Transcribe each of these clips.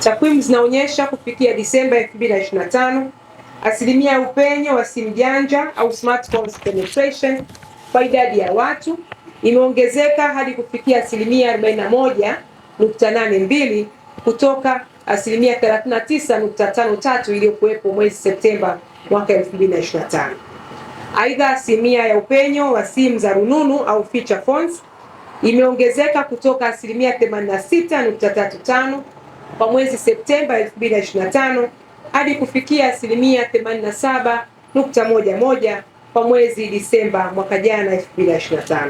Takwimu zinaonyesha kufikia Disemba 2025 asilimia ya upenyo wa simu janja au smartphones penetration kwa idadi ya watu imeongezeka hadi kufikia asilimia 41.82 kutoka asilimia 39.53 iliyokuwepo mwezi Septemba mwaka 2025. Aidha, asilimia ya upenyo wa simu za rununu au feature phones imeongezeka kutoka asilimia 86.35 kwa mwezi Septemba 2025 hadi kufikia asilimia 87.11 kwa mwezi Disemba mwaka jana 2025.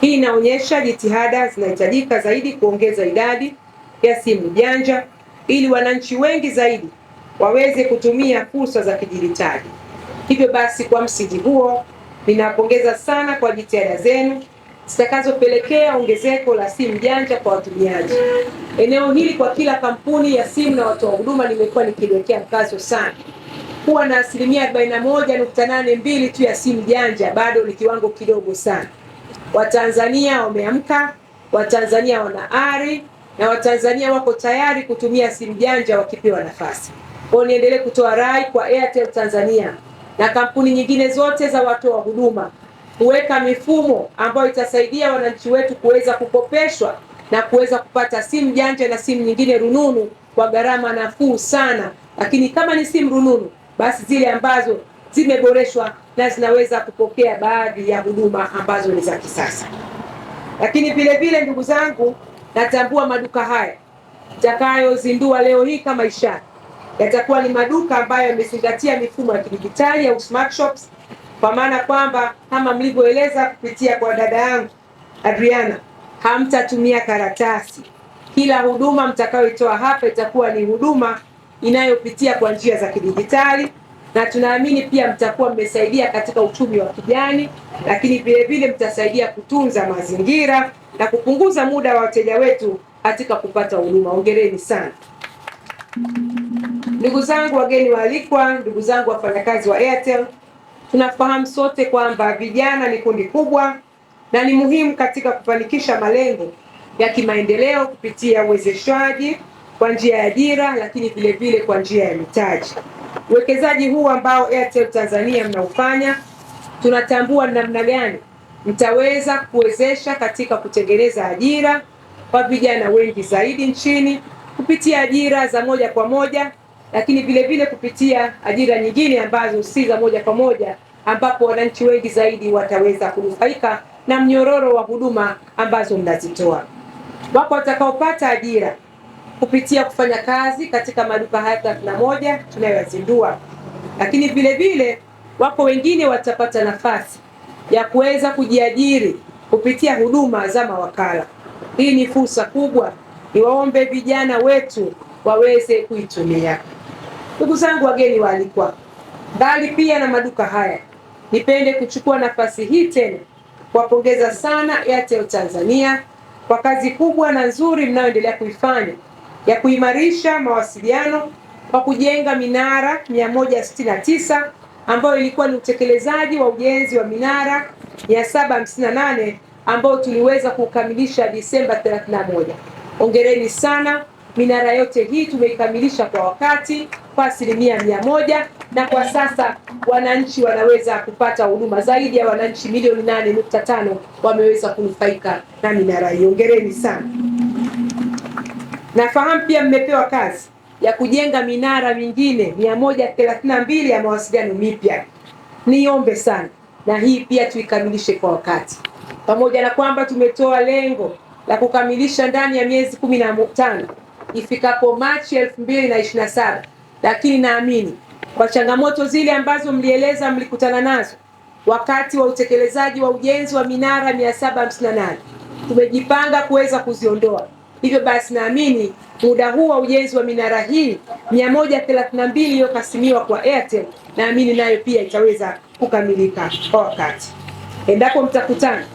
Hii inaonyesha jitihada zinahitajika zaidi kuongeza idadi ya simu janja ili wananchi wengi zaidi waweze kutumia fursa za kidijitali. Hivyo basi, kwa msingi huo ninapongeza sana kwa jitihada zenu zitakazopelekea ongezeko la simu janja kwa watumiaji. Eneo hili kwa kila kampuni ya simu na watoa huduma limekuwa likiwekea mkazo sana. Kuwa na asilimia 41.82 tu ya simu janja bado ni kiwango kidogo sana. Watanzania wameamka, Watanzania wana ari na Watanzania wako tayari kutumia simu janja wakipewa nafasi. Kwa niendelee kutoa rai kwa Airtel Tanzania na kampuni nyingine zote za watoa huduma kuweka mifumo ambayo itasaidia wananchi wetu kuweza kukopeshwa na kuweza kupata simu janja na simu nyingine rununu kwa gharama nafuu sana, lakini kama ni simu rununu, basi zile ambazo zimeboreshwa na zinaweza kupokea baadhi ya huduma ambazo ni za kisasa. Lakini vile vile, ndugu zangu, natambua maduka haya nitakayozindua leo hii kama ishara yatakuwa ni maduka ambayo yamezingatia mifumo ya kidijitali au smart shops kwa maana kwamba kama mlivyoeleza kupitia kwa dada yangu Adriana, hamtatumia karatasi. Kila huduma mtakayoitoa hapa itakuwa ni huduma inayopitia kwa njia za kidijitali, na tunaamini pia mtakuwa mmesaidia katika uchumi wa kijani, lakini vile vile mtasaidia kutunza mazingira na kupunguza muda wa wateja wetu katika kupata huduma. Hongereni sana ndugu zangu, wageni waalikwa, ndugu zangu wafanyakazi wa Airtel. Tunafahamu sote kwamba vijana ni kundi kubwa na ni muhimu katika kufanikisha malengo ya kimaendeleo kupitia uwezeshwaji kwa njia ya ajira, lakini vile vile kwa njia ya mitaji. Uwekezaji huu ambao Airtel Tanzania mnaufanya, tunatambua namna gani mtaweza kuwezesha katika kutengeneza ajira kwa vijana wengi zaidi nchini kupitia ajira za moja kwa moja lakini vile vile kupitia ajira nyingine ambazo si za moja kwa moja, ambapo wananchi wengi zaidi wataweza kunufaika na mnyororo wa huduma ambazo mnazitoa. Wapo watakaopata ajira kupitia kufanya kazi katika maduka haya thelathini na moja tunayoyazindua, lakini vile vile wapo wengine watapata nafasi ya kuweza kujiajiri kupitia huduma za mawakala. Hii ni fursa kubwa, niwaombe vijana wetu waweze kuitumia. Ndugu zangu wageni waalikwa, bali pia na maduka haya, nipende kuchukua nafasi hii tena kuwapongeza sana Airtel Tanzania kwa kazi kubwa na nzuri mnayoendelea kuifanya ya kuimarisha mawasiliano kwa kujenga minara 169 ambayo ilikuwa ni utekelezaji wa ujenzi wa minara 758 ambayo tuliweza kukamilisha Disemba 31. ongereni sana, minara yote hii tumeikamilisha kwa wakati kwa asilimia mia moja na kwa sasa wananchi wanaweza kupata huduma zaidi ya wananchi milioni nane nukta tano wameweza kunufaika na minara hiyo. Hongereni sana. Nafahamu pia mmepewa kazi ya kujenga minara mingine mbili ya mawasiliano mipya. Niombe sana na hii pia tuikamilishe kwa wakati, pamoja na kwamba tumetoa lengo la kukamilisha ndani ya miezi kumi na tano ifikapo Machi saba lakini naamini kwa changamoto zile ambazo mlieleza mlikutana nazo wakati wa utekelezaji wa ujenzi wa minara 758 tumejipanga kuweza kuziondoa. Hivyo basi, naamini muda huu wa ujenzi wa minara hii 132 iliyokasimiwa kwa Airtel, naamini nayo pia itaweza kukamilika kwa wakati. Endapo mtakutana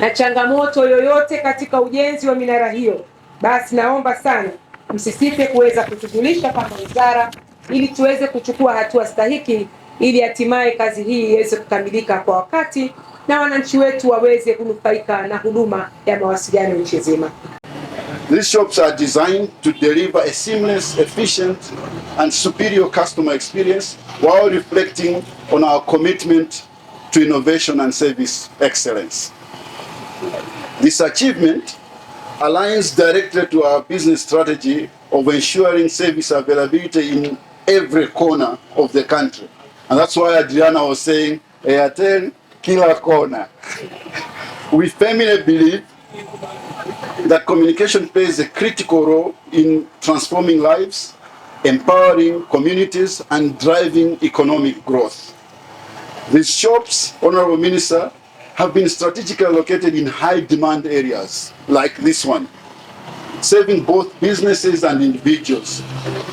na changamoto yoyote katika ujenzi wa minara hiyo, basi naomba sana msisite kuweza kutujulisha kama wizara ili tuweze kuchukua hatua stahiki ili hatimaye kazi hii iweze kukamilika kwa wakati na wananchi wetu waweze kunufaika na huduma ya mawasiliano nchi nzima. These shops are designed to deliver a seamless, efficient and superior customer experience while reflecting on our commitment to innovation and service excellence. This achievement aligns directly to our business strategy of ensuring service availability in every corner of the country. And that's why Adriana was saying, Airtel, killer corner. we firmly believe that communication plays a critical role in transforming lives, empowering communities, and driving economic growth. These shops, Honorable Minister, have been strategically located in high demand areas like this one, serving both businesses and individuals.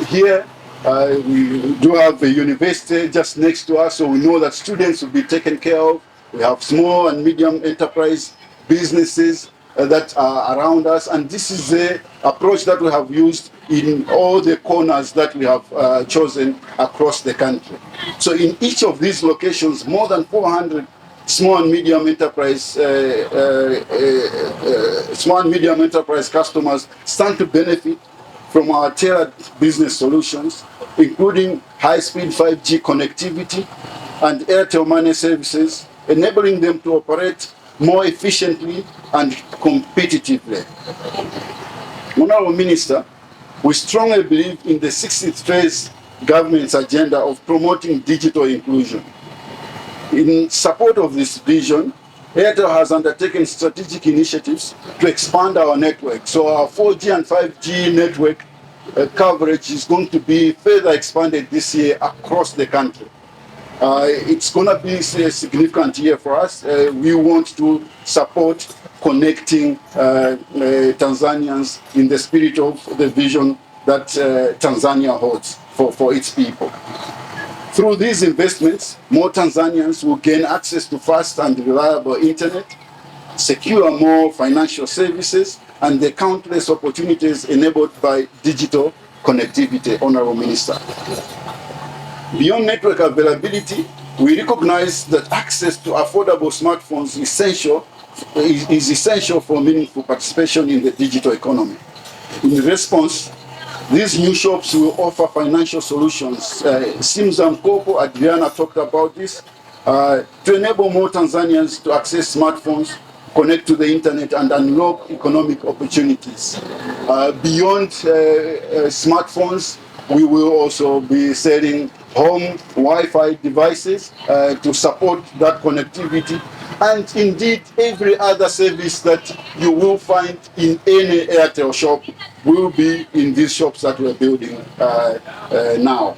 Here, uh, we do have a university just next to us, so we know that students will be taken care of. We have small and medium enterprise businesses uh, that are around us, and this is the approach that we have used in all the corners that we have uh, chosen across the country. So in each of these locations, more than 400 small and medium enterprise uh, uh, uh, uh, small and medium enterprise customers stand to benefit from our tailored business solutions, including high-speed 5G connectivity and Airtel Money services, enabling them to operate more efficiently and competitively. Honorable Minister, we strongly believe in the 60th phase government's agenda of promoting digital inclusion. In support of this vision, Airtel has undertaken strategic initiatives to expand our network. So our 4G and 5G network uh, coverage is going to be further expanded this year across the country. Uh, it's going to be a significant year for us. Uh, we want to support connecting uh, uh, Tanzanians in the spirit of the vision that uh, Tanzania holds for, for its people. Through these investments, more Tanzanians will gain access to fast and reliable internet, secure more financial services, and the countless opportunities enabled by digital connectivity, Honorable Minister. Beyond network availability, we recognize that access to affordable smartphones essential, is, is essential for meaningful participation in the digital economy. In response, These new shops will offer financial solutions. Uh, and Mkopo, Adriana talked about this, uh, to enable more Tanzanians to access smartphones, connect to the internet and unlock economic opportunities. Uh, beyond uh, uh smartphones, we will also be selling home Wi-Fi devices uh, to support that connectivity and indeed every other service that you will find in any Airtel shop will be in these shops that we're building uh, uh, now.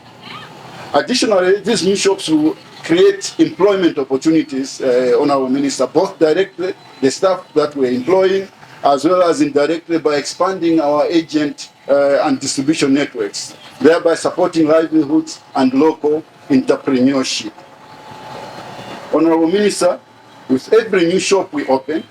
Additionally, these new shops will create employment opportunities uh, on our minister, both directly, the staff that we're employing, as well as indirectly by expanding our agent uh, and distribution networks, thereby supporting livelihoods and local entrepreneurship. Honorable Minister, with every new shop we open,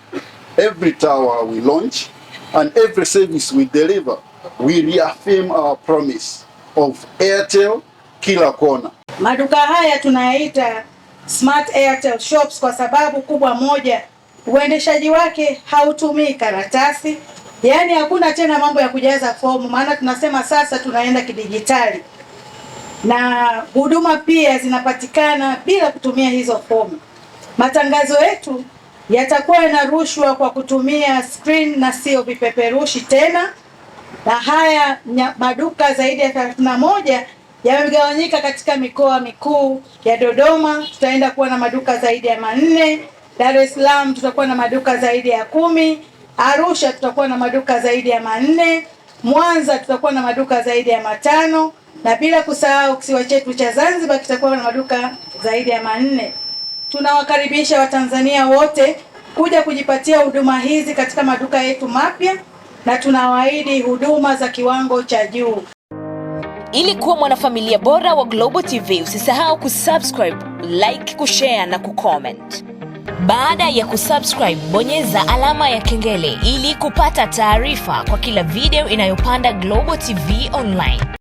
every tower we launch, and every service we deliver, we reaffirm our promise of Airtel kila kona. Maduka haya tunayaita Smart Airtel Shops kwa sababu kubwa moja, uendeshaji wake hautumii karatasi, yaani hakuna tena mambo ya kujaza fomu, maana tunasema sasa tunaenda kidijitali, na huduma pia zinapatikana bila kutumia hizo fomu. Matangazo yetu yatakuwa yanarushwa kwa kutumia screen na sio vipeperushi tena, na haya maduka zaidi ya 31 yamegawanyika katika mikoa mikuu ya Dodoma, tutaenda kuwa na maduka zaidi ya manne. Dar es Salaam tutakuwa na maduka zaidi ya kumi. Arusha tutakuwa na maduka zaidi ya manne. Mwanza tutakuwa na maduka zaidi ya matano, na bila kusahau kisiwa chetu cha Zanzibar kitakuwa na maduka zaidi ya manne tunawakaribisha Watanzania wote kuja kujipatia huduma hizi katika maduka yetu mapya na tunawaahidi huduma za kiwango cha juu. Ili kuwa mwanafamilia bora wa Global TV, usisahau kusubscribe, like, kushare na kucomment. Baada ya kusubscribe, bonyeza alama ya kengele ili kupata taarifa kwa kila video inayopanda Global TV Online.